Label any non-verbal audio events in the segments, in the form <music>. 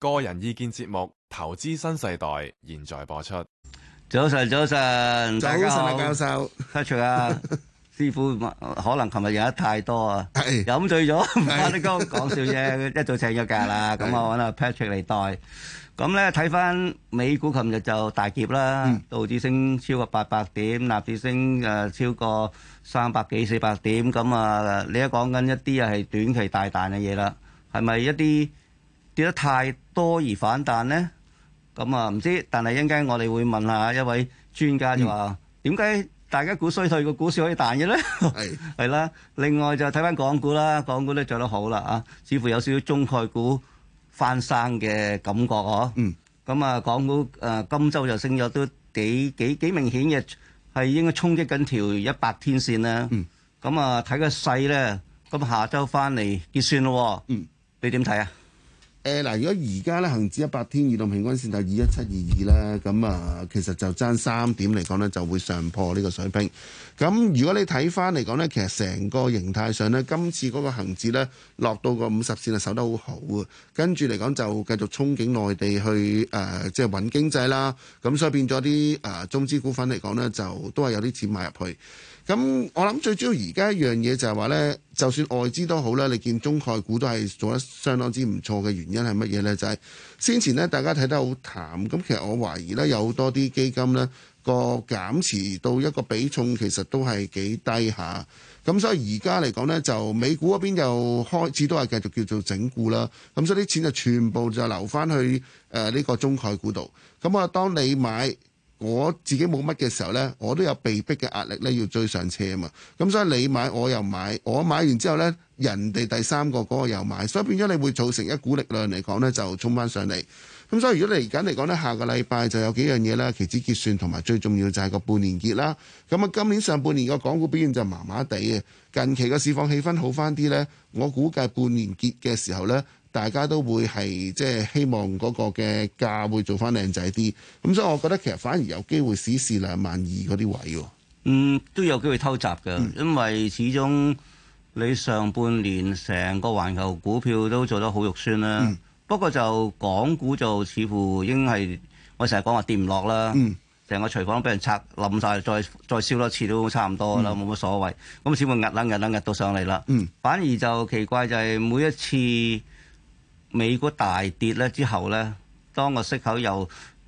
個人意見節目《投資新世代》現在播出。早晨，早晨，大家好，教授 Patrick 啊，師傅可能琴日贏得太多啊，飲醉咗，唔好你講講笑啫，一早請咗假啦，咁我搵阿 Patrick 嚟代。咁咧睇翻美股，琴日就大劫啦，道指升超過八百點，納指升誒超過三百幾四百點，咁啊，你一講緊一啲又係短期大彈嘅嘢啦，係咪一啲？跌得太多而反彈咧，咁啊，唔知。但係陣間我哋會問下一位專家，就話點解大家股衰退個股市可以彈嘅咧？係係啦。另外就睇翻港股啦，港股都做得好啦，啊，似乎有少少中概股翻生嘅感覺呵。嗯。咁啊，港股誒今週就升咗都幾幾幾明顯嘅，係應該衝擊緊條一百天線啦。嗯。咁啊，睇個勢咧，咁下週翻嚟結算咯。嗯。你點睇啊？誒，嗱、呃，如果而家咧恒指一百天移動平均線就二一七二二啦，咁、呃、啊，其實就爭三點嚟講咧，就會上破呢個水平。咁如果你睇返嚟講咧，其實成個形態上咧，今次嗰個恒指咧落到個五十線啊，守得好好啊，跟住嚟講就繼續憧憬內地去誒、呃，即係穩經濟啦。咁所以變咗啲誒中資股份嚟講咧，就都係有啲錢買入去。咁我諗最主要而家一樣嘢就係話呢，就算外資都好啦，你見中概股都係做得相當之唔錯嘅原因係乜嘢呢？就係、是、先前呢，大家睇得好淡，咁其實我懷疑呢，有多啲基金呢個減持到一個比重其實都係幾低下，咁所以而家嚟講呢，就美股嗰邊又開始都係繼續叫做整固啦，咁所以啲錢就全部就留返去誒呢、呃這個中概股度，咁啊當你買。我自己冇乜嘅時候呢，我都有被逼嘅壓力呢，要追上車啊嘛。咁所以你買，我又買，我買完之後呢，人哋第三個嗰個又買，所以變咗你會造成一股力量嚟講呢，就衝翻上嚟。咁所以如果你而家嚟講呢，下個禮拜就有幾樣嘢啦，期指結算同埋最重要就係個半年結啦。咁啊，今年上半年個港股表現就麻麻地嘅，近期個市況氣氛好翻啲呢，我估計半年結嘅時候呢。大家都會係即係希望嗰個嘅價會做翻靚仔啲，咁所以我覺得其實反而有機會試試兩萬二嗰啲位喎。嗯，都有機會偷襲㗎，嗯、因為始終你上半年成個環球股票都做得好肉酸啦、啊。嗯、不過就港股就似乎已經係我成日講話跌唔落啦，成、嗯、個廚房都俾人拆冧晒，再再燒多次都差唔多啦，冇乜、嗯、所謂。咁只會壓撚壓撚壓到上嚟啦，嗯、反而就奇怪就係每一次。美股大跌咧之後咧，當個息口又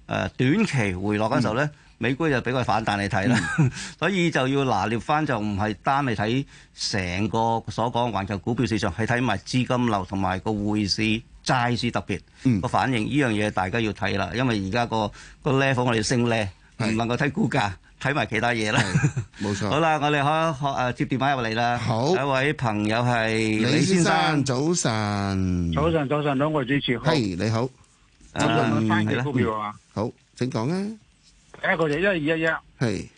誒短期回落嗰陣時候咧，嗯、美股就俾佢反彈你睇啦。嗯、 <laughs> 所以就要拿捏翻，就唔係單係睇成個所講環球股票市場，係睇埋資金流同埋個匯市、債市特別個反應。呢樣嘢大家要睇啦，因為而家、那個個 level 我哋升咧唔能夠睇股價。是 <laughs> 睇埋其他嘢啦，冇錯。好啦，我哋可可誒接電話入嚟啦。好，有一位朋友係李先生，早晨，早晨，早晨，兩個主持，係，你好。我仲有三隻股票啊，好，請講啊。第一個就一二一一，係。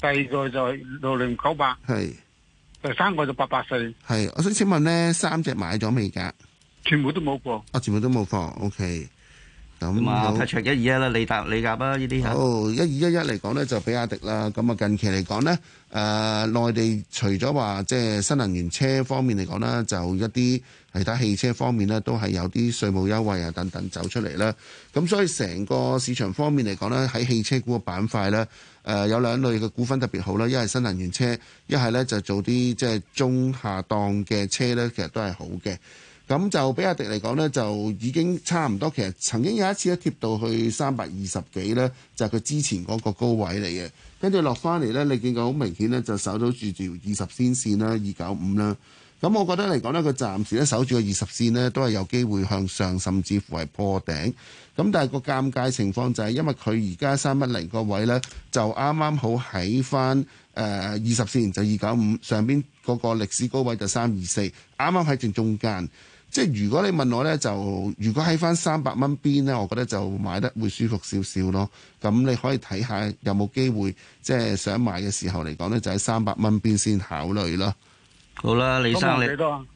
第二個就係六零九八，係。第三個就八八四，係。我想請問呢，三隻買咗未噶？全部都冇貨，啊，全部都冇貨，OK。咁啊，一二一啦，利達利甲啦。呢啲那樣哦，一二一一嚟講呢，就比亞迪啦。咁啊，近期嚟講呢，誒、呃，內地除咗話即係新能源車方面嚟講咧，就一啲其他汽車方面呢，都係有啲稅務優惠啊等等走出嚟啦。咁所以成個市場方面嚟講呢，喺汽車股嘅板塊呢，誒、呃，有兩類嘅股份特別好啦，一係新能源車，一係呢就做啲即係中下檔嘅車呢，其實都係好嘅。咁就比亞迪嚟講呢，就已經差唔多。其實曾經有一次一貼到去三百二十幾呢，就係佢之前嗰個高位嚟嘅。跟住落翻嚟呢，你見到好明顯呢，就守到住住二十線線啦，二九五啦。咁我覺得嚟講呢，佢暫時呢守住個二十線呢，都係有機會向上，甚至乎係破頂。咁但係個尷尬情況就係，因為佢而家三一零個位呢，就啱啱好喺翻誒二十線就二九五上邊嗰個歷史高位就三二四，啱啱喺正中間。即係如果你問我呢，就如果喺翻三百蚊邊呢，我覺得就買得會舒服少少咯。咁你可以睇下有冇機會，即係想買嘅時候嚟講呢，就喺三百蚊邊先考慮咯。好啦，李生多你。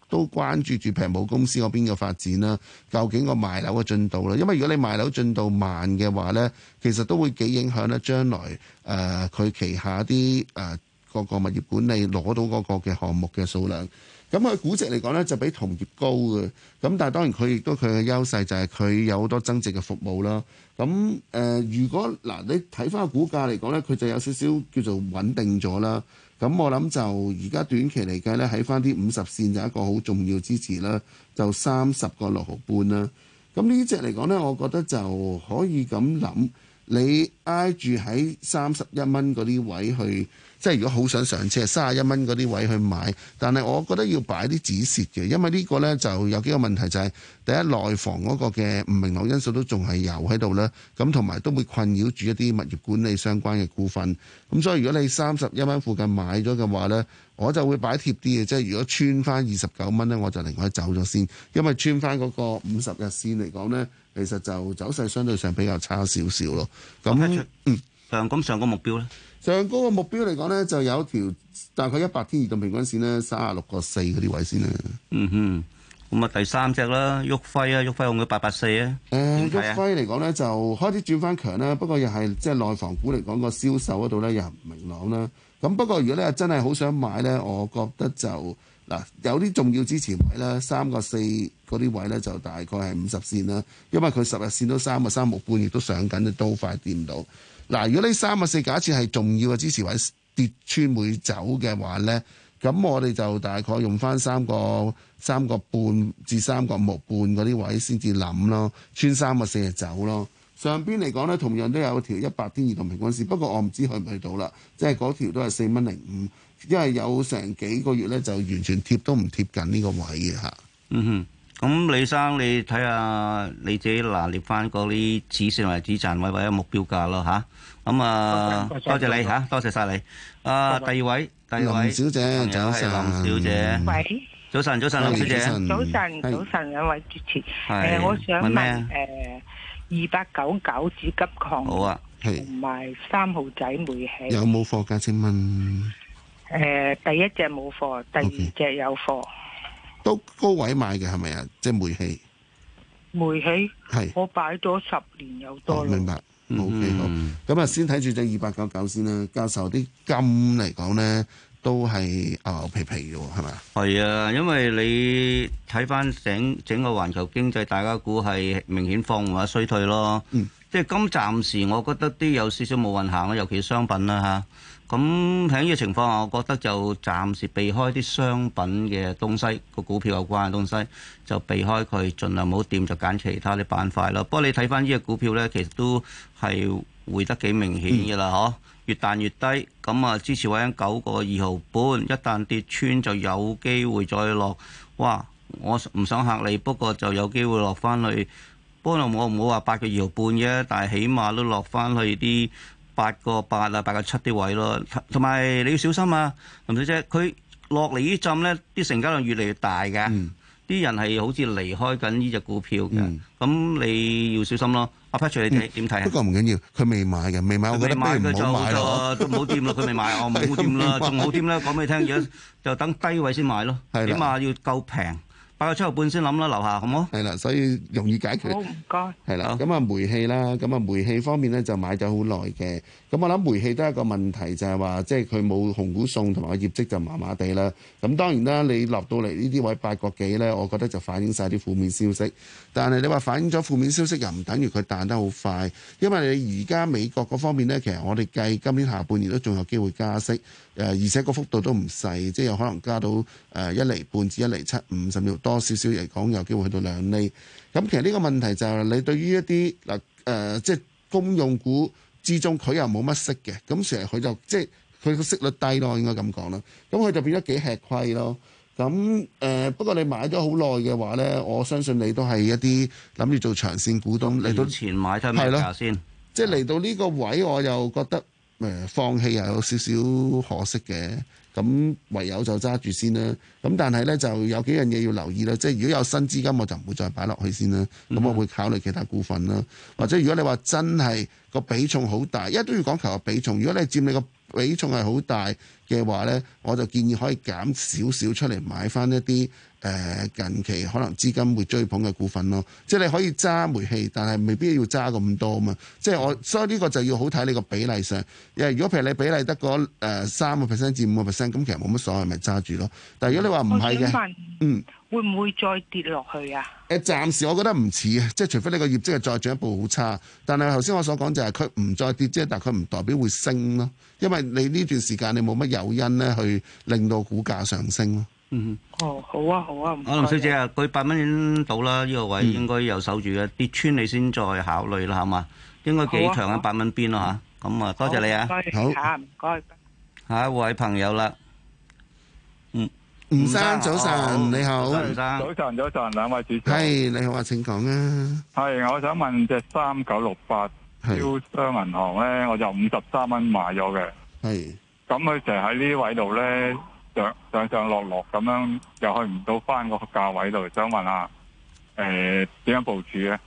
都關注住平保公司嗰邊嘅發展啦，究竟個賣樓嘅進度啦，因為如果你賣樓進度慢嘅話呢，其實都會幾影響咧將來誒佢、呃、旗下啲誒個個物業管理攞到嗰個嘅項目嘅數量。咁、嗯、佢估值嚟講呢，就比同業高嘅，咁但係當然佢亦都佢嘅優勢就係佢有好多增值嘅服務啦。咁、嗯、誒、呃，如果嗱、呃、你睇翻個股價嚟講呢，佢就有少少叫做穩定咗啦。咁我諗就而家短期嚟計呢，喺返啲五十線就一個好重要支持啦，就三十個六毫半啦。咁呢隻嚟講呢，我覺得就可以咁諗，你挨住喺三十一蚊嗰啲位去。即係如果好想上車，三十一蚊嗰啲位去買，但係我覺得要擺啲止蝕嘅，因為呢個呢就有幾個問題，就係第一內房嗰個嘅唔明朗因素都仲係有喺度啦，咁同埋都會困擾住一啲物業管理相關嘅股份。咁所以如果你三十一蚊附近買咗嘅話呢，我就會擺貼啲嘅，即係如果穿翻二十九蚊呢，我就另外走咗先，因為穿翻嗰個五十日線嚟講呢，其實就走勢相對上比較差少少咯。咁嗯，咁上個目標呢？上高嘅目標嚟講呢，就有一條大概一百天移動平均線呢，三啊六個四嗰啲位先啦。嗯哼，咁啊第三隻啦，旭輝啊，旭輝用嘅八八四啊。誒，旭輝嚟講呢，就開始轉翻強啦，不過又係即係內房股嚟講，個銷售嗰度呢，又唔明朗啦。咁不過如果你真係好想買呢，我覺得就嗱有啲重要支持位咧，三個四嗰啲位呢，就大概係五十線啦。因為佢十日線都三個三毫半，亦都上緊都快掂到。嗱，如果呢三個四假設係重要嘅支持位跌穿會走嘅話呢，咁我哋就大概用返三個三個半至三個木半嗰啲位先至諗咯，穿三個四就走咯。上邊嚟講呢，同樣都有條一百天移動平均線，不過我唔知去唔去到啦，即係嗰條都係四蚊零五，因為有成幾個月呢就完全貼都唔貼緊呢個位嘅嚇，嗯哼。咁李生，你睇下你自己拿捏翻嗰啲止蝕或止賺位或目標價咯吓。咁啊，多謝你吓，多謝晒你。啊，第二位，第二位，林小姐，早晨，林小姐。喂，早晨，早晨，林小姐。早晨，早晨，兩位主持。係。誒，我想問誒，二八九九紫金礦。好啊。係。同埋三號仔煤氣。有冇貨㗎？請問。誒，第一隻冇貨，第二隻有貨。都高位買嘅係咪啊？即係煤氣，煤氣係我擺咗十年有多咯。明白，O K，好。咁啊，先睇住隻二百九九先啦。教授，啲金嚟講咧，都係牛皮皮嘅，係咪啊？係啊，因為你睇翻整整個環球經濟，大家估係明顯放緩啊，衰退咯。嗯，即係金暫時，我覺得啲有少少冇運行啊，尤其商品啦吓。咁喺呢個情況下，我覺得就暫時避開啲商品嘅東西，個股票有關嘅東西就避開佢，儘量唔好掂，就揀其他啲板塊咯。不過你睇翻呢隻股票咧，其實都係回得幾明顯嘅啦，嗬、嗯！越彈越低，咁啊支持位喺九個二毫半，一旦跌穿就有機會再落。哇！我唔想嚇你，不過就有機會落翻去。不過我唔好話八個二毫半啫，但係起碼都落翻去啲。八個八啊，八個七啲位咯，同埋你要小心啊，林小姐，佢落嚟呢浸咧，啲成交量越嚟越大嘅，啲、嗯、人係好似離開緊呢隻股票嘅，咁、嗯、你要小心咯。阿 Patrick 你點睇啊？啊嗯、啊不過唔緊要，佢未買嘅，未買，買，我覺得咩都唔好掂啦，佢未買，唔好掂啦，仲好掂啦，講俾你聽，就等低位先買咯，起碼要夠平。八個七毫半先諗啦，樓下好冇？係啦，所以容易解決。好唔該。係啦，咁啊，煤氣啦，咁啊，煤氣方面咧就買咗好耐嘅。咁我諗煤氣都係一個問題，就係話即係佢冇紅股送同埋業績就麻麻地啦。咁當然啦，你落到嚟呢啲位八個幾咧，我覺得就反映晒啲負面消息。但係你話反映咗負面消息又唔等於佢彈得好快，因為你而家美國嗰方面咧，其實我哋計今年下半年都仲有機會加息。誒，而且個幅度都唔細，即係有可能加到誒、呃、一厘半至一厘七五，甚至多少少嚟講有機會去到兩厘。咁、嗯、其實呢個問題就係、是、你對於一啲嗱誒，即係公用股之中，佢又冇乜息嘅，咁所以佢就即係佢個息率低咯，應該咁講啦。咁佢就變咗幾吃虧咯。咁、嗯、誒、呃，不過你買咗好耐嘅話呢，我相信你都係一啲諗住做長線股東嚟到前買睇咩價先？、嗯、即係嚟到呢個位，我又覺得。誒，放棄又有少少可惜嘅，咁唯有就揸住先啦。咁但係呢，就有幾樣嘢要留意啦。即係如果有新資金我就唔會再擺落去先啦。咁我會考慮其他股份啦，或者如果你話真係個比重好大，因為都要講求個比重。如果你係佔你個比重係好大嘅話呢，我就建議可以減少少出嚟買翻一啲。誒近期可能資金會追捧嘅股份咯，即係你可以揸煤氣，但係未必要揸咁多嘛。即係我，所以呢個就要好睇你個比例上。如果譬如你比例得個三個 percent 至五個 percent，咁其實冇乜所謂，咪揸住咯。但係如果你話唔係嘅，嗯，會唔會再跌落去啊？誒，暫時我覺得唔似啊，即係除非你個業績係再進一步好差。但係頭先我所講就係佢唔再跌，即係但係佢唔代表會升咯，因為你呢段時間你冇乜誘因咧去令到股價上升咯。嗯，哦，好啊，好啊，阿林小姐啊，佢八蚊到啦，呢個位應該有守住嘅，跌穿你先再考慮啦，係嘛？應該幾強喺八蚊邊咯吓。咁啊，多謝你啊，好，唔該，下一位朋友啦，嗯，吳生早晨你好。吳生早晨早晨，兩位主持人。係你好啊，請講啊。係我想問隻三九六八招商銀行咧，我就五十三蚊買咗嘅。係，咁佢成日喺呢位度咧。上上落落咁樣又去唔到翻個價位度，想問下，誒點樣部署咧？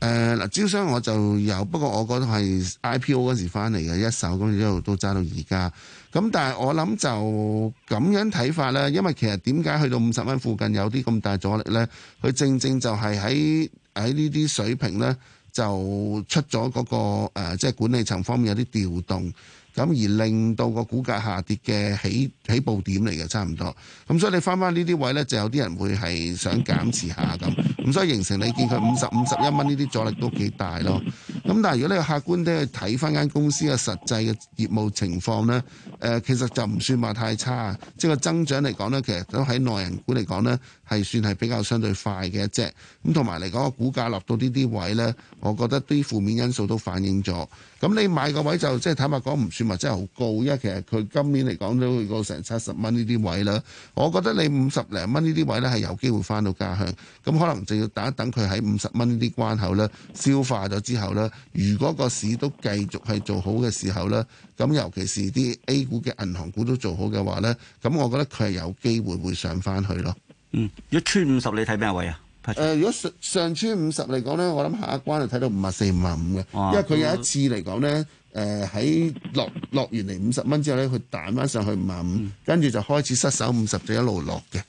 誒嗱、呃，招商我就有，不過我嗰度係 IPO 嗰時翻嚟嘅一手，咁一路都揸到而家。咁但係我諗就咁樣睇法咧，因為其實點解去到五十蚊附近有啲咁大阻力咧？佢正正就係喺喺呢啲水平咧。就出咗嗰、那個、呃、即係管理層方面有啲調動，咁而令到個股價下跌嘅起起步點嚟嘅，差唔多。咁所以你翻翻呢啲位呢，就有啲人會係想減持下咁。咁所以形成你見佢五十五十一蚊呢啲阻力都幾大咯。咁但係如果你個客觀啲去睇翻間公司嘅實際嘅業務情況呢，誒、呃、其實就唔算話太差。即係個增長嚟講呢，其實都喺內銀股嚟講呢，係算係比較相對快嘅一隻，咁同埋嚟講個股價落到呢啲位呢，我覺得啲負面因素都反映咗。咁你買個位就即係坦白講唔算話真係好高，因為其實佢今年嚟講都去到成七十蚊呢啲位啦。我覺得你五十零蚊呢啲位呢，係有機會翻到家鄉。咁可能就要等一等佢喺五十蚊呢啲關口呢消化咗之後呢，如果個市都繼續係做好嘅時候呢，咁尤其是啲 A 股嘅銀行股都做好嘅話呢，咁我覺得佢係有機會會上翻去咯。嗯，如果穿五十你睇咩位啊？誒、呃，如果上上穿五十嚟講咧，我諗下一關就睇到五萬四、五萬五嘅，因為佢有一次嚟講咧，誒喺落落完嚟五十蚊之後咧，佢彈翻上去五萬五，跟住就開始失手五十就一路落嘅。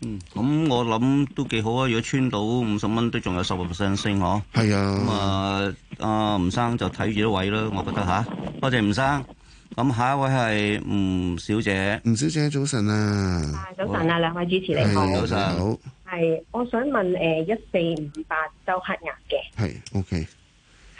嗯，咁、嗯、我諗都幾好啊！如果穿到五十蚊都仲有十個 percent 升呵？係啊，咁啊、嗯，阿、呃呃、吳生就睇住啲位啦，我覺得吓，多謝，謝吳生。咁下一位係吳小姐，吳小姐早晨啊！早晨啊，好兩位主持你。係是早晨，好係，我想問誒，一四五八周黑鴨嘅係，OK，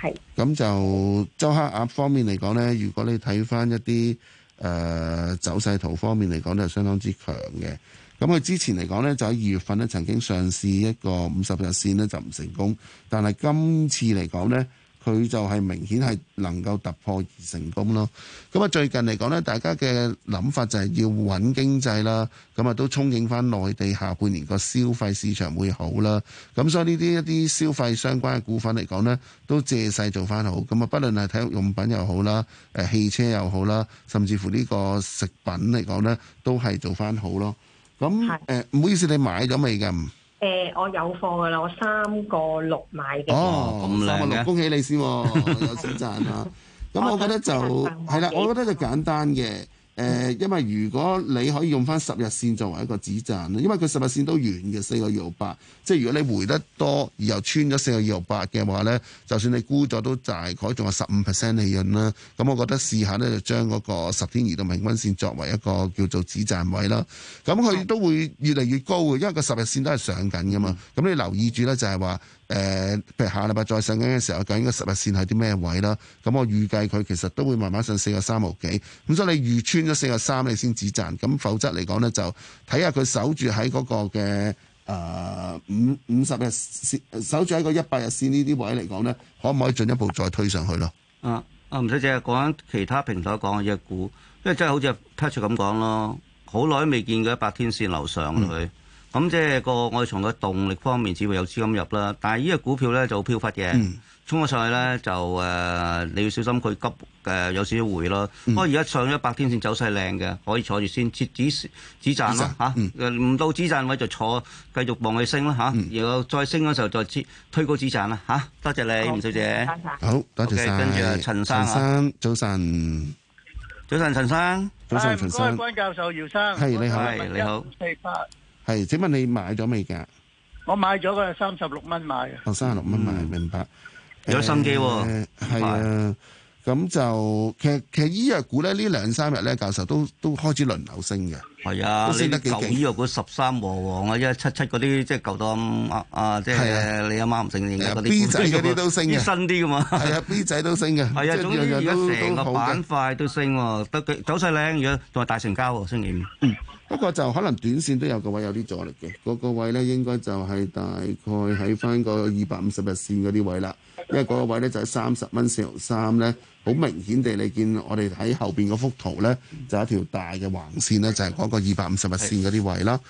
係咁是就周黑鴨方面嚟講呢，如果你睇翻一啲誒、呃、走勢圖方面嚟講咧，都係相當之強嘅。咁佢之前嚟講呢，就喺二月份咧，曾經上市一個五十日線呢，就唔成功，但係今次嚟講呢。佢就係明顯係能夠突破而成功咯。咁啊，最近嚟講咧，大家嘅諗法就係要揾經濟啦。咁啊，都憧憬翻內地下半年個消費市場會好啦。咁所以呢啲一啲消費相關嘅股份嚟講咧，都借勢做翻好。咁啊，不論係體育用品又好啦，誒汽車又好啦，甚至乎呢個食品嚟講咧，都係做翻好咯。咁誒，唔好意思，你買咗未㗎？誒、呃，我有貨㗎啦，我三個六買嘅。哦，咁三個六，恭喜你先， <laughs> 有小賺嚇。咁我覺得就係啦， <laughs> 我覺得就簡單嘅。誒，因為如果你可以用翻十日線作為一個止賺，因為佢十日線都遠嘅四個二毫八，即係如果你回得多，然後穿咗四個二毫八嘅話呢，就算你沽咗都大概仲有十五 percent 利潤啦。咁我覺得試下呢，就將嗰個十天移動平均線作為一個叫做止賺位啦。咁佢都會越嚟越高嘅，因為個十日線都係上緊㗎嘛。咁你留意住呢，就係話。誒、呃，譬如下個禮拜再上緊嘅時候，究竟個十日線係啲咩位啦？咁、嗯、我預計佢其實都會慢慢上四個三毫幾。咁、嗯、所以你預穿咗四個三，你先止賺。咁否則嚟講咧，就睇下佢守住喺嗰個嘅誒五五十日線，守住喺個一百日線呢啲位嚟講咧，可唔可以進一步再推上去咯？啊啊唔使借，講其他平台講嘅隻股，因為真係好似 Touch 咁講咯，好耐未見過一百天線樓上佢。嗯。咁即係個我哋從個動力方面只會有資金入啦，但係呢個股票咧就飄忽嘅，衝咗上去咧就誒你要小心佢急誒有少少回咯。不過而家上咗一百天線走勢靚嘅，可以坐住先，止止止賺啦吓，唔到止賺位就坐，繼續望佢升啦吓。如果再升嗰時候再設推高止賺啦吓。多謝你，吳小姐，好，多謝，跟住阿陳生吓，早晨，早晨，陳生，早晨，陳生，唔該，關教授，姚生，係你好，你好，四八。係，請問你買咗未㗎？我買咗嘅，三十六蚊買嘅。哦，三十六蚊買，明白。有心機喎，係啊。咁就其實其實醫藥股咧呢兩三日咧，教授都都開始輪流升嘅。係啊，都升得幾勁。醫藥股十三和王啊，一七七嗰啲，即係舊多啊啊，即係你阿媽唔承認嗰啲股，嗰啲都升嘅。新啲噶嘛？係啊，B 仔都升嘅。係啊，總之而家成個板塊都升，都幾走勢靚，而家仲係大成交，升市。不過就可能短線都有個位有啲阻力嘅，嗰、那個位呢應該就係大概喺翻個二百五十日線嗰啲位啦，因為嗰個位呢就係三十蚊四毫三呢，好明顯地你見我哋喺後邊嗰幅圖呢，就係一條大嘅橫線呢，就係、是、嗰個二百五十日線嗰啲位啦，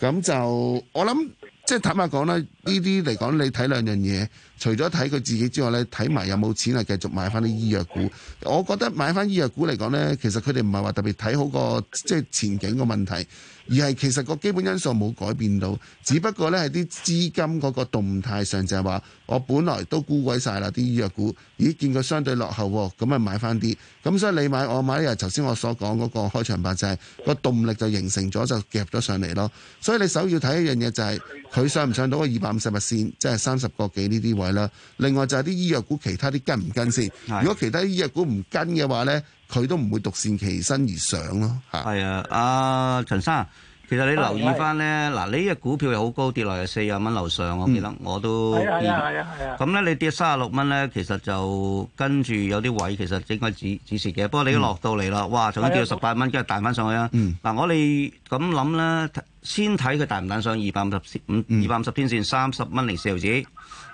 咁是的 就我諗。即係坦白講咧，呢啲嚟講，你睇兩樣嘢，除咗睇佢自己之外咧，睇埋有冇錢啊，繼續買翻啲醫藥股。我覺得買翻醫藥股嚟講咧，其實佢哋唔係話特別睇好個即係前景個問題。而係其實個基本因素冇改變到，只不過咧係啲資金嗰個動態上就係話，我本來都沽鬼晒啦啲醫藥股，咦見佢相對落後，咁咪買翻啲。咁所以你買我買又係頭先我所講嗰個開場白就係個動力就形成咗就夾咗上嚟咯。所以你首要睇一樣嘢就係佢上唔上到個二百五十日線，即係三十個幾呢啲位啦。另外就係啲醫藥股其他啲跟唔跟先。的如果其他醫藥股唔跟嘅話呢。佢都唔會獨善其身而上咯，嚇。係啊，阿、啊、陳生，其實你留意翻咧，嗱，呢隻股票又好高，跌落嚟四十蚊樓上，我記得、嗯、我都見。係啊，係啊，咁咧、啊，你跌三十六蚊咧，其實就跟住有啲位，其實應該止止蝕嘅。不過你都落到嚟啦，哇，仲要跌到十八蚊，跟住彈翻上去啊。嗱，我哋咁諗咧，先睇佢彈唔彈上二百五十天，二百五十天線三十蚊零四毫紙。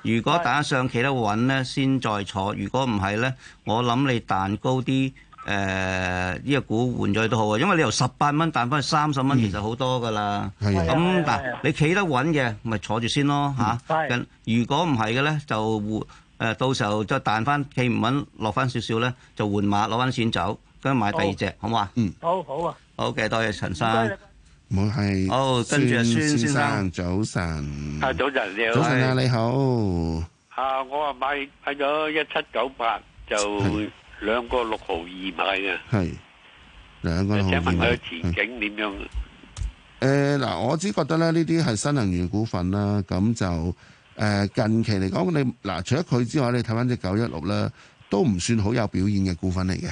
如果彈得上企得穩咧，先再坐；如果唔係咧，我諗你彈高啲。誒，呢個股換咗都好啊，因為你由十八蚊彈翻去三十蚊，其實好多噶啦。咁嗱，你企得穩嘅，咪坐住先咯嚇。如果唔係嘅咧，就換誒，到時候再彈翻，企唔穩落翻少少咧，就換馬攞翻錢走，跟住買第二隻，好唔好啊？嗯，好好啊。好嘅，多謝陳生。唔好，係。好，跟住阿孫先生早晨。啊，早晨，早晨啊，你好。啊，我話買買咗一七九八就。兩個六毫二買嘅，係兩個六毫二買。請問佢前景點樣？誒嗱、呃，我只覺得咧，呢啲係新能源股份啦。咁就誒、呃、近期嚟講，你嗱除咗佢之外，你睇翻隻九一六啦，都唔算好有表現嘅股份嚟嘅。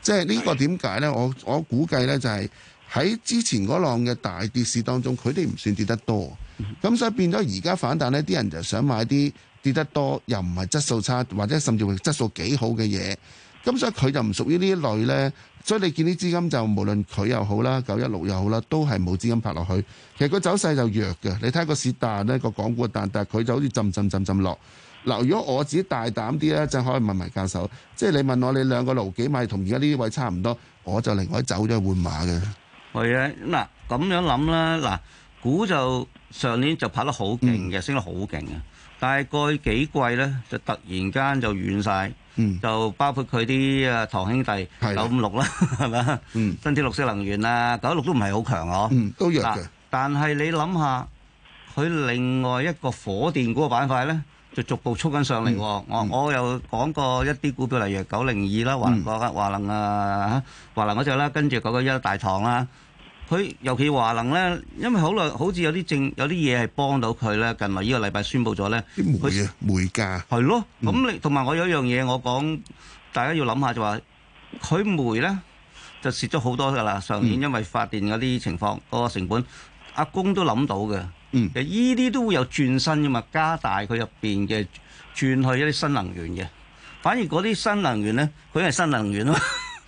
即、就、係、是、呢個點解咧？我的我估計咧，就係喺之前嗰浪嘅大跌市當中，佢哋唔算跌得多。咁、嗯、所以變咗而家反彈呢啲人就想買啲跌得多又唔係質素差，或者甚至乎質素幾好嘅嘢。咁所以佢就唔屬於呢啲類呢。所以你見啲資金就無論佢又好啦，九一六又好啦，都係冇資金拍落去。其實個走勢就弱嘅，你睇個市彈呢，個港股彈，但係佢就好似浸浸浸浸落。嗱，如果我自己大膽啲呢，就可以問埋教授，即係你問我，你兩個樓幾米同而家呢啲位差唔多，我就另外走咗去換馬嘅。係啊，嗱咁樣諗啦，嗱股就上年就拍得好勁嘅，升得好勁嘅。嗯大概幾季咧，就突然間就軟晒，就包括佢啲啊堂兄弟九五六啦，係咪啊？新天綠色能源啊，九一六都唔係好強哦，都弱嘅。但係你諗下，佢另外一個火電嗰個板塊咧，就逐步促緊上嚟。我我又講過一啲股票，例如九零二啦，華華能啊，華能嗰隻啦，跟住嗰個一大唐啦。佢尤其華能咧，因為好耐好似有啲政有啲嘢係幫到佢咧。近嚟呢個禮拜宣布咗咧，煤啊煤價係咯。咁你同埋我有一樣嘢，我講大家要諗下就話，佢煤咧就蝕咗好多㗎啦。上年因為發電嗰啲情況，個成本阿公都諗到嘅。其實依啲都會有轉身嘅嘛，加大佢入邊嘅轉去一啲新能源嘅。反而嗰啲新能源咧，佢係新能源咯。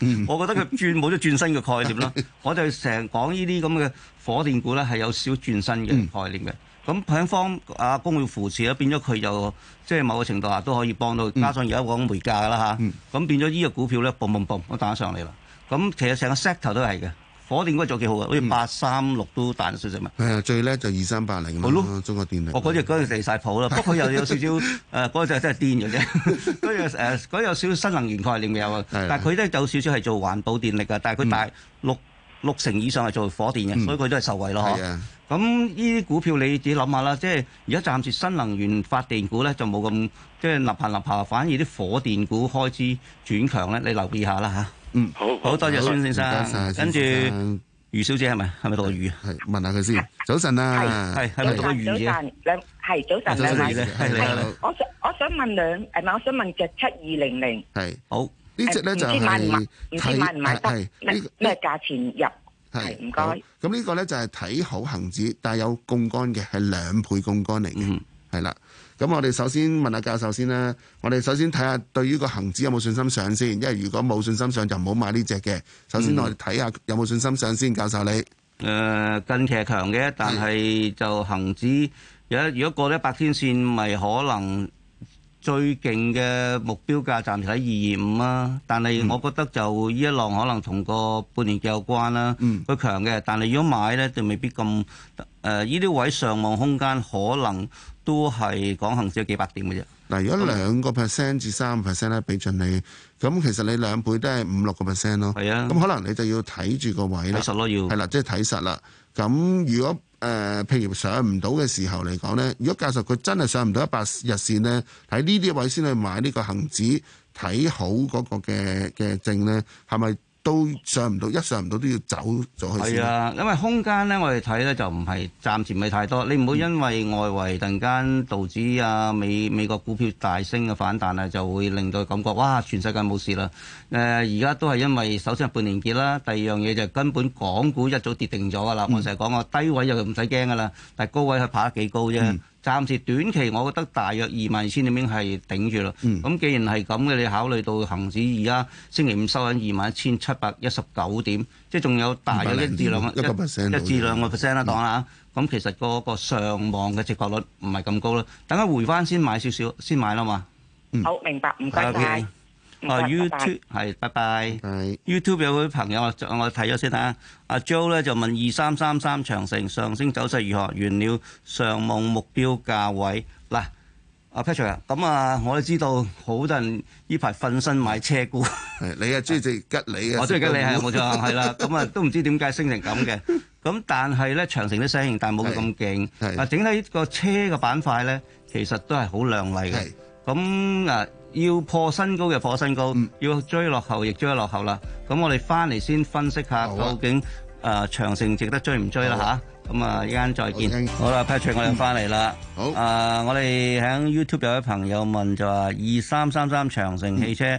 嗯， <noise> 我覺得佢轉冇咗轉身嘅概念啦， <laughs> 我就成日講呢啲咁嘅火電股咧係有少轉身嘅概念嘅，咁響 <noise> 方阿公會扶持咧，變咗佢就即係某個程度下都可以幫到，加上而家講煤價㗎啦吓，咁、啊、變咗呢個股票咧，boom boom boom 都打上嚟啦，咁其實成個 set 頭都係嘅。我哋應該做幾好嘅，好似八三六都彈少少嘛。係啊，最叻就二三八零啦，中國電力，力。我嗰隻嗰隻嚟曬譜啦，不過又有少少誒，嗰隻、 <laughs> 呃、真係癲咗啫。嗰隻誒， <laughs> 有少少新能源概念有啊，的但係佢都有少少係做環保電力啊，但係佢大 <laughs> 六。六成以上係做火電嘅，所以佢都係受惠咯嗬。咁呢啲股票你自己諗下啦，即係而家暫時新能源發電股咧就冇咁即係立盤立爬，反而啲火電股開始轉強咧。你留意下啦嚇。嗯，好，好多謝孫先生。唔該曬。跟住余小姐係咪？係咪落雨？係問下佢先。早晨啊，係係落雨。兩係早晨兩位，係你。我想我想問兩，係咪我想問隻七二零零？係好。呢隻咧就係係係呢咩價錢入係唔該。咁呢是謝個咧就係睇好恒指，但有槓桿嘅係兩倍槓桿嚟嘅，係啦、嗯。咁我哋首先問下教授先啦。我哋首先睇下對於個恒指有冇信心上先，因為如果冇信心上就唔好買呢隻嘅。首先我哋睇下有冇信心上先，教授你。誒、嗯呃、近期強嘅，但係就恒指有如果過咗一百天線，咪可能。最勁嘅目標價暫時喺二二五啦，但係我覺得就依一浪可能同個半年幾有關啦、啊，佢、嗯、強嘅，但係如果買咧就未必咁誒，依、呃、啲位上望空間可能都係講恆指有幾百點嘅啫。嗱，如果兩個 percent 至三個 percent 咧，俾盡你，咁、嗯、其實你兩倍都係五六個 percent 咯。係啊、嗯，咁可能你就要睇住個位啦，睇實咯要。係、就、啦、是，即係睇實啦。咁如果誒、呃，譬如上唔到嘅時候嚟講，呢，如果教授佢真係上唔到一百日線，呢，喺呢啲位先去買呢個恒指，睇好嗰個嘅嘅證，呢，係咪？是都上唔到，一上唔到都要走咗去先。係啊，因為空間咧，我哋睇咧就唔係暫時唔係太多。你唔好因為外圍突然間導致啊美美國股票大升嘅反彈啊，就會令到感覺哇全世界冇事啦。誒而家都係因為首先係半年結啦，第二樣嘢就根本港股一早跌定咗㗎啦。嗯、我成日講啊，低位又唔使驚㗎啦，但係高位係爬得幾高啫。嗯暫時短期，我覺得大約二萬二千點已經係頂住啦。咁、嗯、既然係咁嘅，你考慮到恒指而家星期五收緊二萬一千七百一十九點，即係仲有大約一至兩個一至兩個 percent 啦，當啦。咁其實嗰、那個那個上網嘅直覺率唔係咁高啦。等佢回翻先買少少，先買啦嘛。嗯、好，明白。唔該。哦，YouTube 係，拜拜。YouTube 有位朋友，我我睇咗先啊。阿 Joe 咧就問：二三三三長城上升走勢如何？原料上望目標價位嗱。阿 Patrick 啊，咁啊，我哋都知道好多人呢排瞓身買車股。係，你啊中意隻吉利嘅。我中意吉利係冇錯，係啦。咁啊都唔知點解升成咁嘅。咁但係咧長城都升，但係冇咁勁。係。嗱，整體個車嘅板塊咧，其實都係好亮麗嘅。係。咁啊～要破新高嘅破新高，嗯、要追落後亦追落後啦。咁我哋翻嚟先分析下，究竟誒長城值得追唔追啦、啊？吓、啊，咁啊依間再見。好啦，Patrick，我哋翻嚟啦。好，誒好好、啊、我哋喺 YouTube 有位朋友問就話：二三三三長城汽車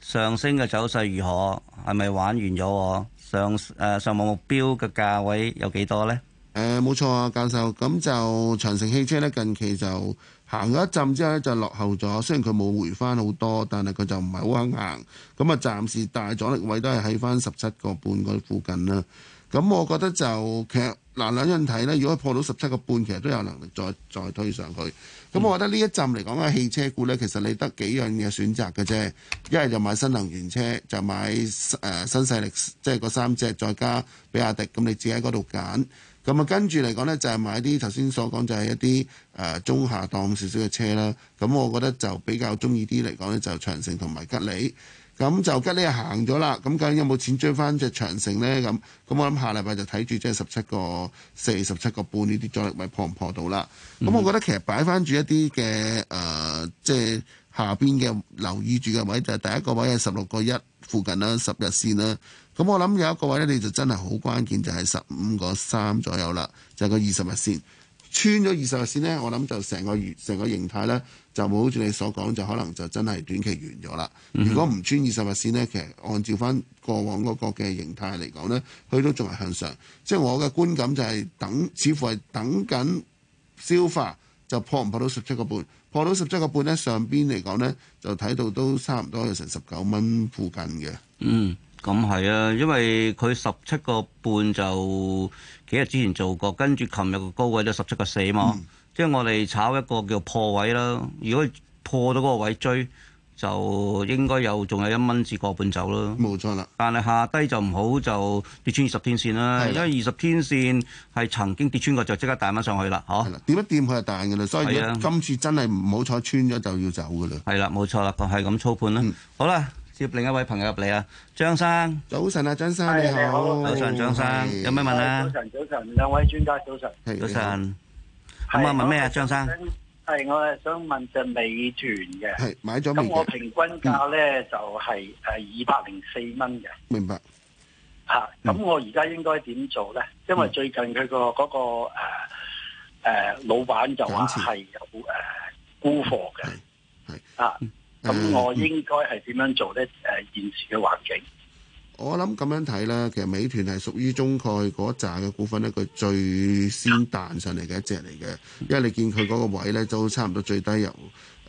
上升嘅走勢如何？係咪玩完咗？上誒、呃、上望目標嘅價位有幾多咧？誒冇、呃、錯、啊，教授，咁就長城汽車咧近期就。行咗一陣之後咧，就落後咗。雖然佢冇回翻好多，但係佢就唔係好肯行。咁啊，暫時大阻力位都係喺翻十七個半嗰附近啦。咁我覺得就其實嗱兩樣睇呢，如果破到十七個半，其實都有能力再再推上去。咁我覺得呢一陣嚟講嘅汽車股呢，其實你得幾樣嘢選擇嘅啫。一係就買新能源車，就買誒、呃、新勢力，即係嗰三隻，再加比亞迪。咁你自己喺嗰度揀。咁啊，跟住嚟講呢，就係買啲頭先所講就係一啲誒、呃、中下檔少少嘅車啦。咁我覺得就比較中意啲嚟講呢就長城同埋吉利。咁就吉利行咗啦。咁究竟有冇錢追翻隻長城呢？咁咁我諗下禮拜就睇住即係十七個四、十七個半呢啲阻力位破唔破到啦。咁我覺得其實擺翻住一啲嘅誒，即係下邊嘅留意住嘅位就係，第一個位係十六個一附近啦，十日線啦。咁我諗有一個位咧，你就真係好關鍵就，就係十五個三左右啦，就係個二十日線穿咗二十日線呢，我諗就成個月成個形態呢，就冇好似你所講，就可能就真係短期完咗啦。如果唔穿二十日線呢，其實按照翻過往嗰個嘅形態嚟講呢，佢都仲係向上。即係我嘅觀感就係等，似乎係等緊消化，就破唔破到十七個半？破到十七個半呢，上邊嚟講呢，就睇到都差唔多有成十九蚊附近嘅。嗯。咁係啊，因為佢十七個半就幾日之前做過，跟住琴日個高位都十七個四嘛，嗯、即係我哋炒一個叫破位啦。如果破到嗰個位追，就應該有仲有一蚊至個半走咯。冇錯啦，錯但係下低就唔好就跌穿二十天線啦。的因為二十天線係曾經跌穿過就即刻彈翻上去啦，嗬？點一掂佢就彈㗎啦，所以今的次真係唔好彩穿咗就要走噶啦。係啦，冇錯啦，係、就、咁、是、操盤啦。嗯、好啦。接另一位朋友入嚟啊，張生，早晨啊，張生，你好，早晨張生，有咩問啊？早晨，早晨，兩位專家，早晨，早晨，咁啊，問咩啊？張生，係，我係想問隻美團嘅，係買咗美團，咁我平均價咧就係誒二百零四蚊嘅，明白。嚇，咁我而家應該點做咧？因為最近佢個嗰個誒誒老闆就好似係有誒沽貨嘅，係啊。咁、嗯、我應該係點樣做呢？誒、呃，現時嘅環境，我諗咁樣睇呢。其實美團係屬於中概嗰扎嘅股份呢，佢最先彈上嚟嘅一隻嚟嘅。因為你見佢嗰個位呢，都差唔多最低由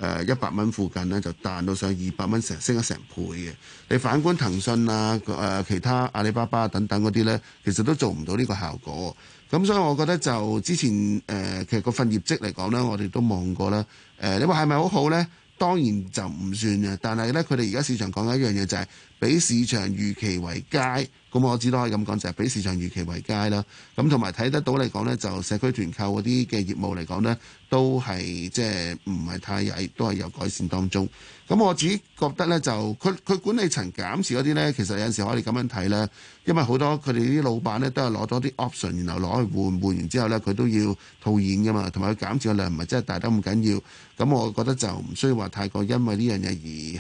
誒一百蚊附近呢，就彈到上二百蚊，成升咗成倍嘅。你反觀騰訊啊、誒、呃、其他阿里巴巴等等嗰啲呢，其實都做唔到呢個效果。咁所以，我覺得就之前誒、呃，其實嗰份業績嚟講呢，我哋都望過啦。誒、呃，你話係咪好好呢？當然就唔算嘅，但係呢，佢哋而家市場講緊一樣嘢就係、是，比市場預期為佳。咁我只都可以咁講，就係、是、比市場預期為佳啦。咁同埋睇得到嚟講呢，就社區團購嗰啲嘅業務嚟講呢，都係即係唔係太曳，都係有改善當中。咁我自己覺得呢，就佢佢管理層減持嗰啲呢，其實有陣時可以咁樣睇咧，因為好多佢哋啲老闆呢，都係攞咗啲 option，然後攞去換，換完之後呢，佢都要套現噶嘛。同埋佢減持嘅量唔係真係大得咁緊要。咁我覺得就唔需要話太過因為呢樣嘢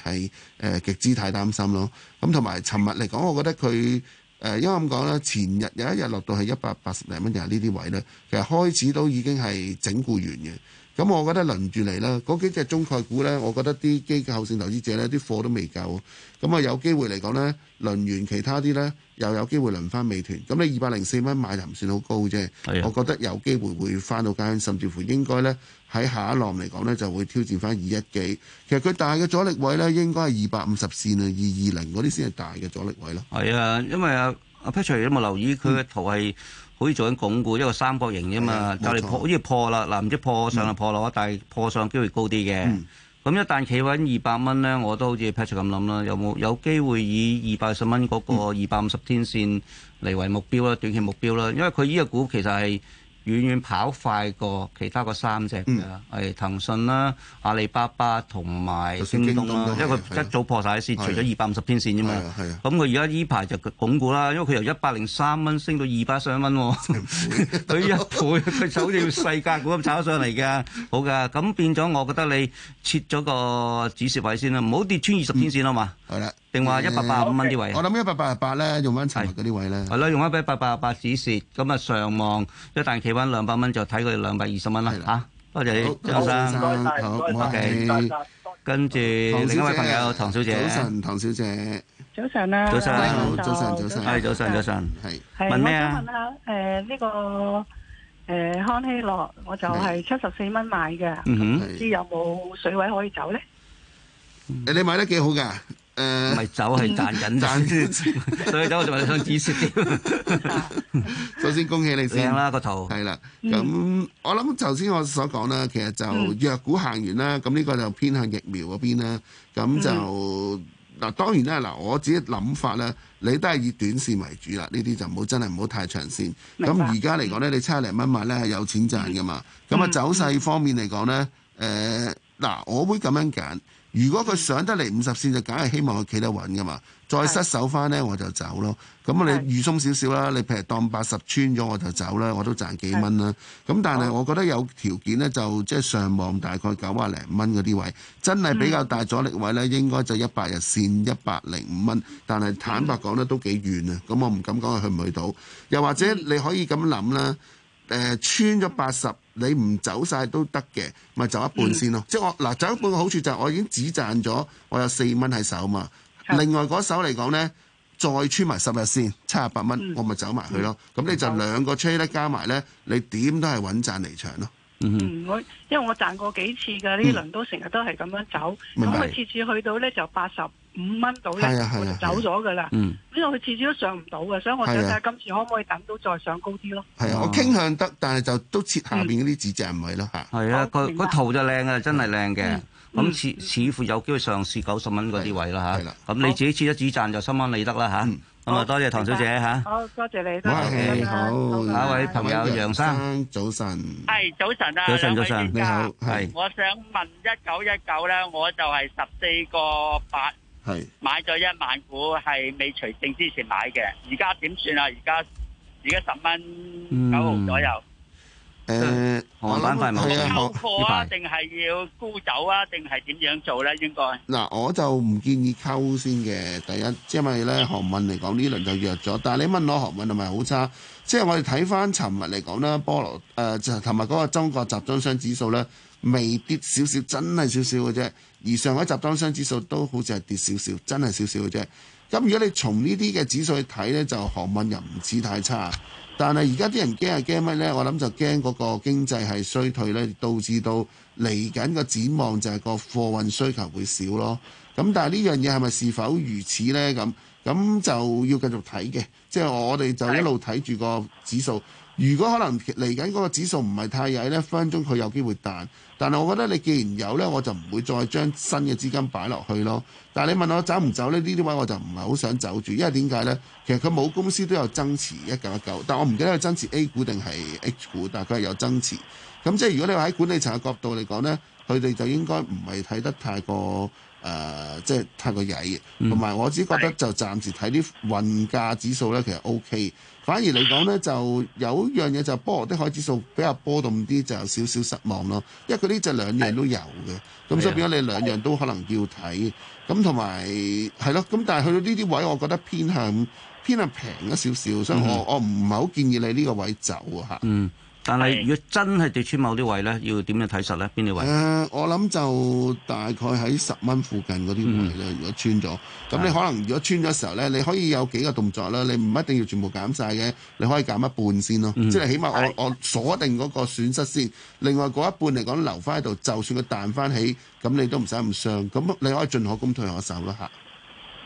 而係誒、呃、極之太擔心咯。咁同埋尋日嚟講，我覺得佢。誒，因為咁講咧，前日有一日落到係一百八十零蚊入呢啲位咧，其實開始都已經係整固完嘅。咁、嗯、我覺得輪住嚟啦，嗰幾隻中概股呢，我覺得啲機構性投資者呢啲貨都未夠，咁、嗯、啊有機會嚟講呢，輪完其他啲呢，又有機會輪翻美團。咁你二百零四蚊買就唔算好高啫，的我覺得有機會會翻到間，甚至乎應該呢，喺下一浪嚟講呢，就會挑戰翻二一幾。其實佢大嘅阻力位呢，應該係二百五十線啊，二二零嗰啲先係大嘅阻力位咯。係啊，因為啊。阿 Patrick 都冇留意，佢、嗯、個圖係好似做緊鞏固一個三角形啫嘛，就嚟、嗯、破，錯好似破啦，嗱唔知破上啊破落，嗯、但係破上機會高啲嘅。咁、嗯、一旦企穩二百蚊咧，我都好似 Patrick 咁諗啦，有冇有，有機會以二百十蚊嗰個二百五十天線嚟為目標啦，嗯、短期目標啦，因為佢依個股其實係。遠遠跑快過其他嗰三隻嘅，係、嗯、騰訊啦、阿里巴巴同埋京東啦，因為佢一早破晒線，除咗二百五十天線啫嘛。咁佢而家依排就鞏固啦，因為佢由一百零三蚊升到二百上蚊，佢 <laughs> 一倍，佢 <laughs> <laughs> 就好似細價股咁炒上嚟嘅。好嘅，咁變咗我覺得你切咗個止蝕位先啦，唔好跌穿二十天線啊嘛。係啦、嗯。吧定話一百八十五蚊啲位，我諗一百八十八咧，用翻齊嗰啲位咧，係咯，用翻俾一百八十八止蝕，咁啊上望，一旦企穩兩百蚊，就睇佢兩百二十蚊啦嚇。多謝張生，唔該曬，唔該曬，跟住另一位朋友唐小姐，早晨，唐小姐，早晨啦，早晨，早晨，早晨，早晨，係早晨，早晨，係問咩啊？誒呢個誒康希諾，我就係七十四蚊買嘅，唔知有冇水位可以走咧？誒你買得幾好㗎？唔係、呃、走係賺緊，所以走我就想知識啲。 <laughs> <laughs> 首先恭喜你先啦、那個圖，係啦了。咁、嗯、我諗頭先我所講啦，其實就藥股行完啦，咁呢、嗯、個就偏向疫苗嗰邊啦。咁就嗱，嗯、當然啦，嗱，我自己諗法咧，你都係以短綫為主啦。呢啲就唔好真係唔好太長綫。咁而家嚟講咧，你七十零蚊買咧，係有錢賺噶嘛。咁啊、嗯嗯、走勢方面嚟講咧，誒、呃、嗱，我會咁樣揀。如果佢上得嚟五十線，就梗係希望佢企得穩噶嘛。再失手翻呢，我就走咯。咁你哋預鬆少少啦。你譬如當八十穿咗，我就走啦，我都賺幾蚊啦。咁是的 但係我覺得有條件呢，就即係上望大概九十零蚊嗰啲位，真係比較大阻力位呢，嗯、應該就一百日線一百零五蚊。但係坦白講呢，都幾遠啊。咁我唔敢講佢去唔去到。又或者你可以咁諗啦。誒、呃、穿咗八十，你唔走晒都得嘅，咪走一半先咯。嗯、即係我嗱，走一半嘅好處就係我已經止賺咗，我有四蚊喺手嘛。嗯、另外嗰手嚟講咧，再穿埋十日先七十八蚊，我咪走埋去咯。咁你就兩個 trader 加埋咧，你點都係穩賺離場咯。嗯，我因為我賺過幾次㗎，呢輪都成日都係咁樣走，咁我次次去到咧就八十五蚊到咧，走咗嘅啦。嗯，因為佢次次都上唔到嘅，所以我想睇下今次可唔可以等到再上高啲咯。係啊，我傾向得，但係就都切下面嗰啲止賺位咯嚇。係啊，個個圖就靚啊，真係靚嘅。咁似似乎有機會上市九十蚊嗰啲位啦嚇。係啦，咁你自己切咗止賺就心安理得啦嚇。咁啊，多謝唐小姐嚇。好多謝你。好，各位朋友，楊生早晨。係早晨啊！早晨，早晨，你好。係，我想問一九一九咧，我就係十四個八。係是買咗一萬股，係未除淨之前買嘅，而家點算啊？而家而家十蚊九毫左右。誒、嗯，行業板塊冇啊，溝貨啊，定係要沽走啊，定係點樣做咧？應該嗱，我就唔建議溝先嘅。第一，因為咧，航運嚟講呢輪就弱咗，但係你問我航運係咪好差？即、就、係、是、我哋睇翻尋日嚟講咧，波羅誒，就同埋嗰個中國集裝箱指數咧，微跌少少，真係少少嘅啫。而上一集裝箱指數都好似係跌少少，真係少少嘅啫。咁如果你從呢啲嘅指數去睇呢就航運又唔似太差。但係而家啲人驚係驚乜呢？我諗就驚嗰個經濟係衰退呢導致到嚟緊嘅展望就係個貨運需求會少咯。咁但係呢樣嘢係咪是否如此呢？咁咁就要繼續睇嘅，即係我哋就一路睇住個指數。如果可能嚟緊嗰個指數唔係太矮呢，分分鐘佢有機會彈。但係我覺得你既然有呢，我就唔會再將新嘅資金擺落去咯。但係你問我走唔走咧？呢啲位，我就唔係好想走住，因為點解呢？其實佢冇公司都有增持一九一九，但我唔記得佢增持 A 股定係 H 股，但係佢係有增持。咁即係如果你話喺管理層嘅角度嚟講呢，佢哋就應該唔係睇得太過。誒、呃，即係太過曳，同埋我只覺得就暫時睇啲運價指數咧，其實 O K。反而嚟講咧，就有一樣嘢就波羅的海指數比較波動啲，就有少少失望咯。因為佢呢就兩樣都有嘅。咁、哎嗯、所以變咗你兩樣都可能要睇。咁同埋係咯，咁但係去到呢啲位，我覺得偏向偏向平一少少，所以我、嗯、我唔係好建議你呢個位走啊吓。但係，如果真係跌穿某啲位呢，要點樣睇實呢？邊啲位？誒、呃，我諗就大概喺十蚊附近嗰啲位、嗯、如果穿咗，咁、嗯、你可能如果穿咗時候呢，你可以有幾個動作啦。你唔一定要全部減晒嘅，你可以減一半先咯。嗯、即係起碼我、嗯、我、我鎖定嗰個損失先。另外嗰一半嚟講留翻喺度，就算佢彈翻起，咁你都唔使咁傷。咁你可以進可攻退可守啦。嚇。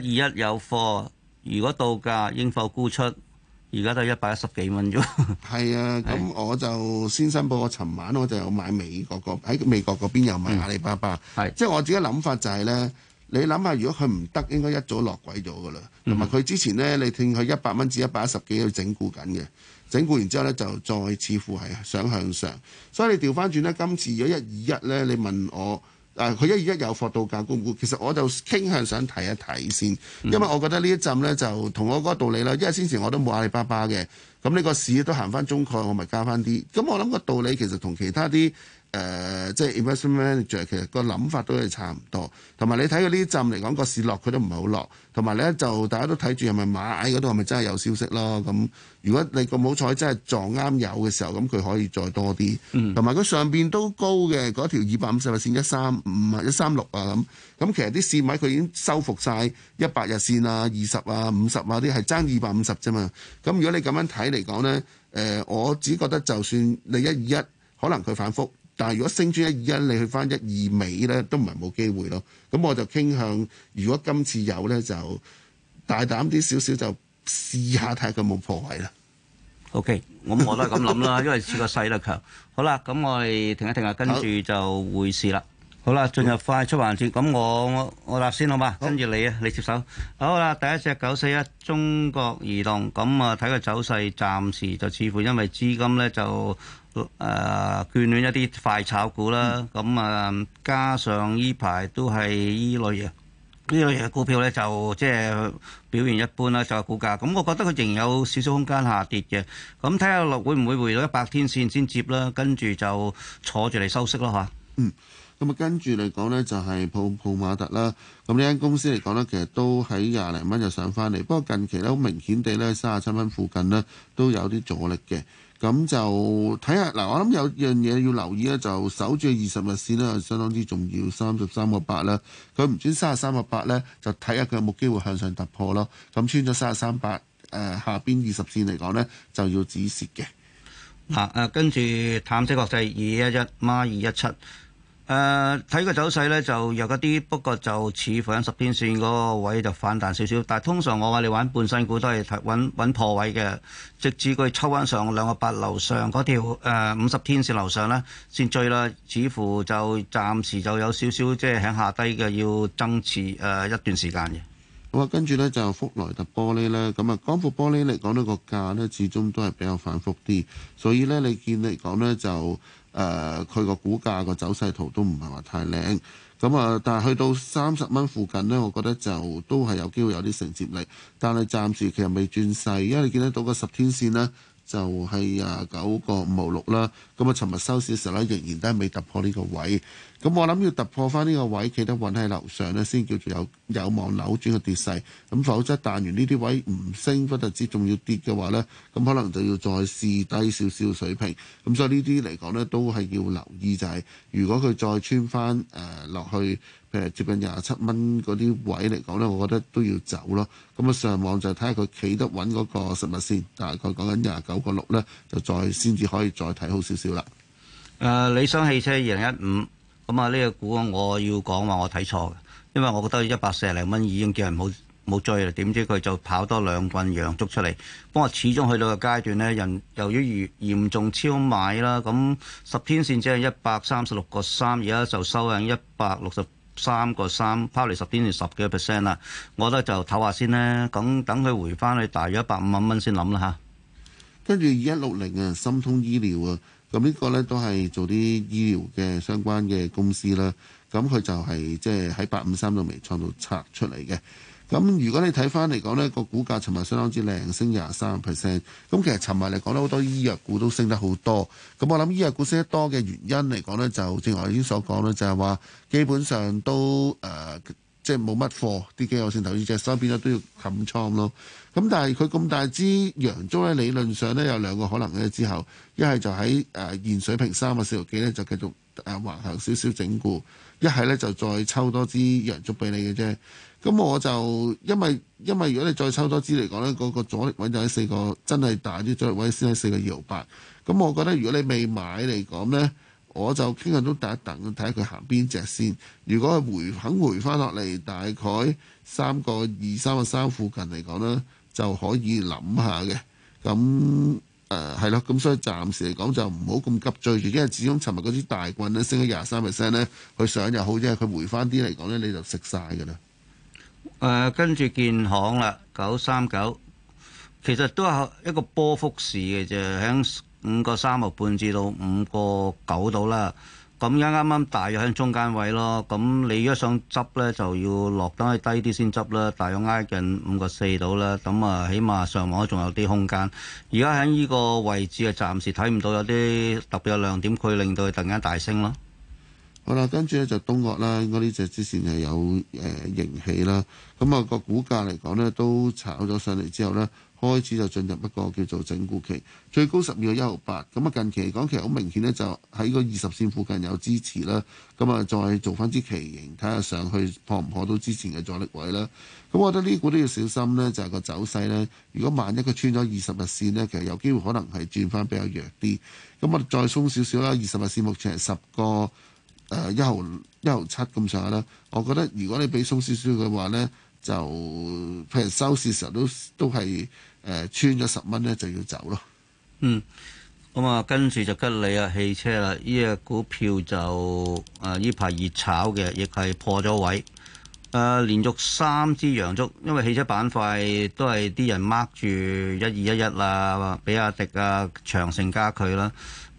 一二一有貨，如果到價，應貨沽出，而家都係一百一十幾蚊啫。係 <laughs> 啊，咁我就先申報我尋晚，我就有買美國個喺美國嗰邊有買阿里巴巴，係的即係我自己諗法就係、是、呢，你諗下如果佢唔得，應該一早落鬼咗㗎啦。同埋佢之前呢，你聽佢一百蚊至一百一十幾要整固緊嘅，整固完之後呢，就再似乎係想向上，所以你調翻轉呢，今次如果一二一呢，你問我。誒佢，啊、一月一有貨到價，沽唔沽，其實我就傾向想睇一睇先，因為我覺得呢一陣呢就同我嗰個道理啦。因為先前我都冇阿里巴巴嘅，咁呢個市都行翻中概，我咪加翻啲。咁我諗個道理其實同其他啲。誒、呃，即係 investment manager，其實個諗法都係差唔多。同埋你睇佢呢啲浸嚟講，個市落佢都唔係好落。同埋咧，就大家都睇住係咪買嗰度，係咪真係有消息咯？咁如果你咁好彩真係撞啱有嘅時候，咁佢可以再多啲。同埋佢上邊都高嘅嗰條二百五十日線一三五一三六啊咁。咁其實啲線位，佢已經收復晒一百日線啊、二十啊、五十啊啲係爭二百五十啫嘛。咁如果你咁樣睇嚟講咧，誒、呃，我只覺得就算你一二一，可能佢反覆。但係如果升穿一二一，你去翻一二尾咧，都唔係冇機會咯。咁我就傾向，如果今次有咧，就大膽啲少少，就試下睇下佢有冇破壞 okay，啦。O K，我我都咁諗啦，因為似個勢力強。好啦，咁我哋停一停啊，跟住就回事啦。好，好啦，進入快速環節，咁我我我立先好嘛，跟住好你啊，你接手。好啦，第一隻九四一中國移動，咁啊睇個走勢，暫時就似乎因為資金咧就。誒、uh, 眷戀一啲快炒股啦，咁啊、嗯、加上依排都係依類嘢，呢類嘢股票咧就即係、就是、表現一般啦，就係股價。咁我覺得佢仍有少少空間下跌嘅。咁睇下落會唔會回到一百天線先接啦、嗯，跟住就坐住嚟收息咯嚇。嗯，咁啊跟住嚟講咧就係泡泡瑪特啦。咁呢間公司嚟講咧，其實都喺廿零蚊就上翻嚟。不過近期咧好明顯地咧，三十七蚊附近呢，都有啲阻力嘅。咁就睇下，嗱，我諗有樣嘢要留意咧，就守住二十日線咧，相當之重要。三十三個八啦，佢唔穿三十三個八呢，就睇下佢有冇機會向上突破咯。咁穿咗三十三八，誒下邊二十線嚟講呢，就要止蝕嘅。嗱、啊，誒、呃、跟住淡色國際二一一孖二一七。誒睇個走勢咧，就有一啲，不過就似乎喺十天線嗰個位就反彈少少。但係通常我話你玩半新股都係睇揾揾破位嘅，直至佢抽翻上兩個八樓上嗰條五十、呃、天線樓上咧，先追啦。似乎就暫時就有少少即係喺下低嘅要增持誒、呃、一段時間嘅。好啊，跟住咧就福萊特玻璃咧，咁啊光伏玻璃嚟講，呢、那個價咧始終都係比較反覆啲，所以咧你見嚟講咧就。誒佢個股價個走勢圖都唔係話太靚，咁、嗯、啊，但係去到三十蚊附近呢，我覺得就都係有機會有啲承接力，但係暫時其實未轉勢，因為你見得到個十天線呢。就係啊九個五毫六啦，咁啊，尋日收市嘅時候咧，仍然都係未突破呢個位。咁我諗要突破翻呢個位，企得穩喺樓上咧，先叫做有有望扭轉個跌勢。咁否則，彈完呢啲位唔升，不特止仲要跌嘅話呢，咁可能就要再試低少少水平。咁所以呢啲嚟講呢，都係要留意就係、是，如果佢再穿翻誒落去。譬如接近廿七蚊嗰啲位嚟講咧，我覺得都要走咯。咁啊，上網就睇下佢企得穩嗰個實物先。大概佢講緊廿九個六咧，就再先至可以再睇好少少啦。誒、呃，理想汽車二零一五咁啊，呢個股我要講話我睇錯嘅，因為我覺得一百四十零蚊已經叫人冇冇追啦。點知佢就跑多兩棍陽燭出嚟。不過始終去到個階段咧，人由於越嚴重超買啦，咁十天線只係一百三十六個三，而家就收緊一百六十。三個三拋嚟，十點零十幾個 percent 啦，我覺得就唞下先啦。咁等佢回翻去大約一百五十蚊先諗啦吓。跟住二一六零啊，心通醫療啊，咁呢個咧都係做啲醫療嘅相關嘅公司啦，咁佢就係即係喺八五三度微創度拆出嚟嘅。咁如果你睇翻嚟講呢個股價尋日相當之靚，升廿三 percent。咁其實尋日嚟講咧，好多醫藥股都升得好多。咁我諗醫藥股升得多嘅原因嚟講呢就正如我頭先所講咧，就係、是、話基本上都誒、呃、即係冇乜貨啲嘅，有性投資者收邊都要冚倉咯。咁但係佢咁大支陽燭，呢理論上呢有兩個可能咧。之後一係就喺誒、呃、現水平三或四毫幾呢就繼續誒橫行少少整固；一係呢就再抽多支陽燭俾你嘅啫。咁我就因為因為如果你再抽多支嚟講呢，嗰、嗰個阻力位就喺四個真係大啲，阻力位先喺四個二毫八。咁我覺得如果你未買嚟講呢，我就傾向都等一等，睇下佢行邊隻先。如果佢回肯回翻落嚟，大概三個二三個三附近嚟講呢，就可以諗下嘅。咁誒係啦，咁、呃、所以暫時嚟講就唔好咁急追，因為始終尋日嗰支大棍咧升咗廿三 percent 呢，佢上又好，啫。佢回翻啲嚟講呢，你就食晒㗎啦。誒、呃，跟住建行啦，九三九，其實都係一個波幅市嘅，啫。喺五個三毫半至到五個九到啦。咁而家啱啱大約喺中間位咯。咁你如果想執咧，就要落低低啲先執啦。大約挨近五個四到啦。咁啊，起碼上望仲有啲空間。而家喺呢個位置啊，暫時睇唔到有啲特別有亮點，佢令到佢突然間大升咯。好啦，跟住咧就東岳啦。應該呢隻之前係有誒形氣啦。咁、呃、啊、那個股價嚟講呢，都炒咗上嚟之後呢，開始就進入一個叫做整固期，最高十二個一毫八。咁啊近期嚟講，其實好明顯呢，就喺個二十線附近有支持啦。咁啊再做翻支旗形，睇下上去破唔破到之前嘅阻力位啦。咁我覺得呢股都要小心呢，就係、是、個走勢呢。如果萬一佢穿咗二十日線呢，其實有機會可能係轉翻比較弱啲。咁我哋再鬆少少啦，二十日線目前係十個。誒、呃、一毫一毫七咁上下啦，我覺得如果你俾鬆少少嘅話咧，就譬如收市時候都都係誒穿咗十蚊咧就要走咯。嗯，咁啊跟住就吉利啊汽車啦，呢、這、隻、個、股票就啊呢排熱炒嘅，亦係破咗位。誒、呃、連續三支陽燭，因為汽車板塊都係啲人掹住一二一一啦，比亞迪啊長城家佢啦。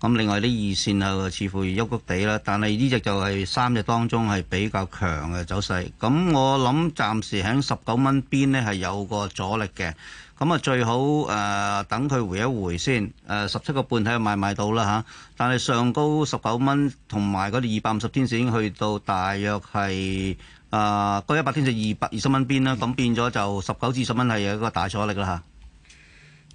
咁另外啲二線啊，似乎喐喐地啦，但係呢隻就係三隻當中係比較強嘅走勢。咁我諗暫時喺十九蚊邊呢係有個阻力嘅。咁啊，最好誒、呃、等佢回一回先。誒，十七個半睇下賣唔賣到啦嚇。但係上高十九蚊，同埋嗰啲二百五十天線已經去到大約係啊一百天、嗯、就二百二十蚊邊啦。咁變咗就十九至十蚊係有一個大阻力啦嚇。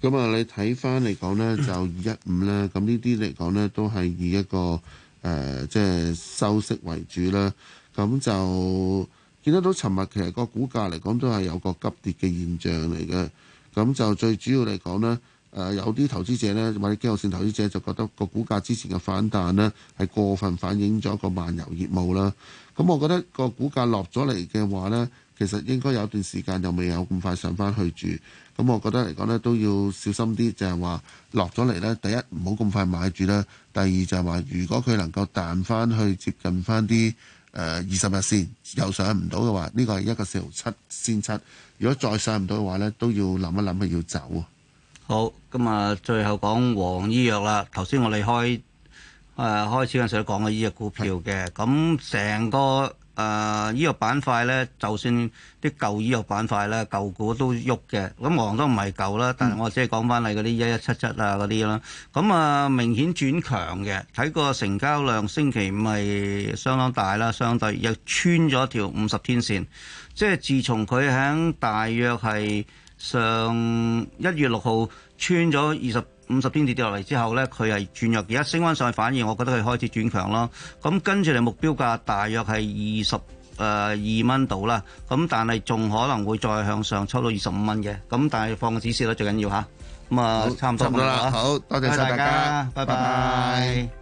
咁啊，你睇翻嚟講咧，就二一五咧，咁呢啲嚟講咧，都係以一個誒，即係收息為主啦。咁就見得到，尋日其實個股價嚟講都係有個急跌嘅現象嚟嘅。咁就最主要嚟講咧，誒有啲投資者咧，或者機構性投資者就覺得個股價之前嘅反彈咧係過分反映咗個漫遊業務啦。咁我覺得個股價落咗嚟嘅話咧。其實應該有段時間又未有咁快上翻去住，咁我覺得嚟講咧都要小心啲，就係話落咗嚟咧，第一唔好咁快買住啦，第二就係話如果佢能夠彈翻去接近翻啲誒二十日線，又上唔到嘅話，呢個係一個四號七先七。如果再上唔到嘅話咧，都要諗一諗要走。好，咁啊，最後講黃醫藥啦。頭先我哋開誒開始嗰陣時都講過醫藥股票嘅，咁成個。誒呢個板塊咧，就算啲舊醫藥板塊咧，舊股都喐嘅。咁黃都唔係舊啦，嗯、但係我即係講翻係嗰啲一一七七啊嗰啲啦。咁、嗯、啊，明顯轉強嘅，睇個成交量星期五係相當大啦，相對又穿咗條五十天線，即係自從佢喺大約係上一月六號穿咗二十。五十天跌跌落嚟之後咧，佢係轉弱，而家升翻上去反而我覺得佢開始轉強咯。咁跟住嚟目標價大約係二十誒二蚊度啦。咁但係仲可能會再向上抽到二十五蚊嘅。咁但係放個指示啦，最緊要吓。咁啊，差唔多啦。好多謝晒大家，拜拜。拜拜。